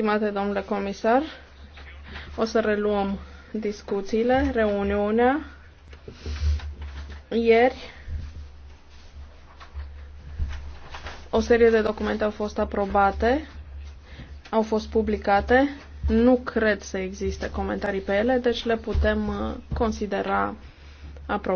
Stimate domnule comisar, o să reluăm discuțiile, reuniunea. Ieri o serie de documente au fost aprobate, au fost publicate. Nu cred să existe comentarii pe ele, deci le putem uh, considera aprobate.